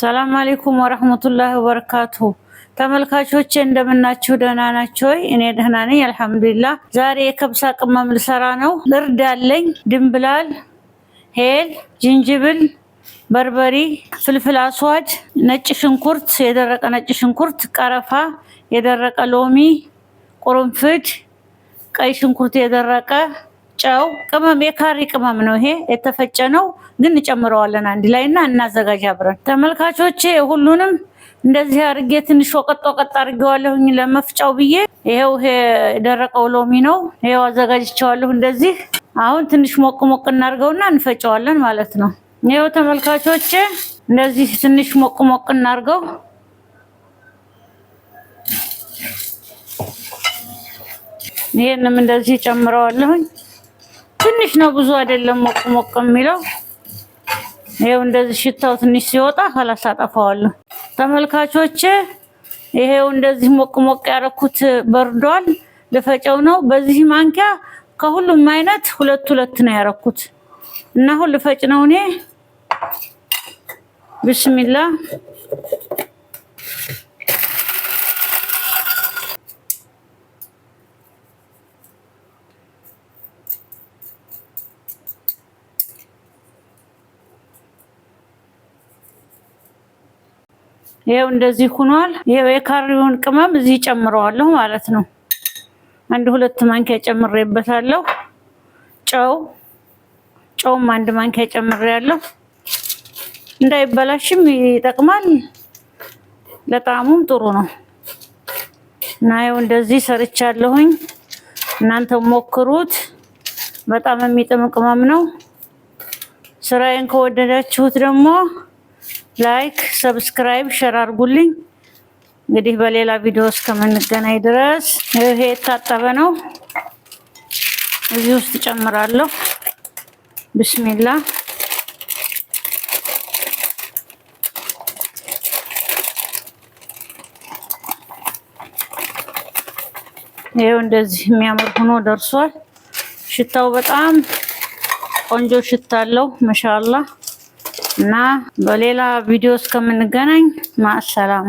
ሰላም አሌይኩም ወረህመቱላሂ ወበረካቱሁ ተመልካቾች እንደምናችሁ ደህና ናችሁ ወይ? እኔ ደህና ነኝ አልሐምዱሊላህ። ዛሬ የከብሳ ቅመም ልሰራ ነው። እርድ አለኝ፣ ድንብላል፣ ሄል፣ ዝንጅብል፣ በርበሪ፣ ፍልፍል አስዋድ፣ ነጭ ሽንኩርት፣ የደረቀ ነጭ ሽንኩርት፣ ቀረፋ፣ የደረቀ ሎሚ፣ ቁርንፍድ፣ ቀይ ሽንኩርት የደረቀ ጨው፣ ቅመም የካሪ ቅመም ነው ይሄ የተፈጨ ነው፣ ግን እንጨምረዋለን አንድ ላይ እና እናዘጋጅ አብረን። ተመልካቾቼ ሁሉንም እንደዚህ አርጌ ትንሽ ወቀጥ ወቀጥ አርጌዋለሁኝ ለመፍጫው ብዬ። ይሄው ይሄ የደረቀው ሎሚ ነው፣ ይሄው አዘጋጅቸዋለሁ እንደዚህ። አሁን ትንሽ ሞቅ ሞቅ ና እንፈጨዋለን ማለት ነው። ይሄው ተመልካቾቼ እንደዚህ ትንሽ ሞቅ ሞቅ እናርገው። ይሄንም እንደዚህ ጨምረዋለሁኝ። ትንሽ ነው፣ ብዙ አይደለም። ሞቅ ሞቅ የሚለው ይሄው እንደዚህ ሽታው ትንሽ ሲወጣ ከላስ አጠፋዋለሁ። ተመልካቾቼ ይሄው እንደዚህ ሞቅ ሞቅ ያደረኩት በርዷል። ልፈጨው ነው። በዚህ ማንኪያ ከሁሉም አይነት ሁለት ሁለት ነው ያደረኩት እና አሁን ልፈጭ ነው እኔ ብስሚላ ይሄው እንደዚህ ሆኗል። ይሄው የካሪውን ቅመም እዚህ ጨምረዋለሁ ማለት ነው። አንድ ሁለት ማንኪያ ጨምሬበታለሁ። ጨው ጨውም አንድ ማንኪያ ጨምሬያለሁ። እንዳይበላሽም ይጠቅማል፣ ለጣዕሙም ጥሩ ነው እና ይኸው እንደዚህ ሰርቻለሁኝ። እናንተ ሞክሩት፣ በጣም የሚጥም ቅመም ነው። ስራዬን ከወደዳችሁት ደግሞ ላይክ፣ ሰብስክራይብ፣ ሸር አርጉልኝ። እንግዲህ በሌላ ቪዲዮ እስከምንገናኝ ድረስ ይሄ የታጠበ ነው። እዚህ ውስጥ ጨምራለሁ። ብስሚላ ይሄው እንደዚህ የሚያምር ሆኖ ደርሷል። ሽታው በጣም ቆንጆ ሽታ አለው። ማሻአላህ እና በሌላ ቪዲዮ እስከምንገናኝ ማሰላሙ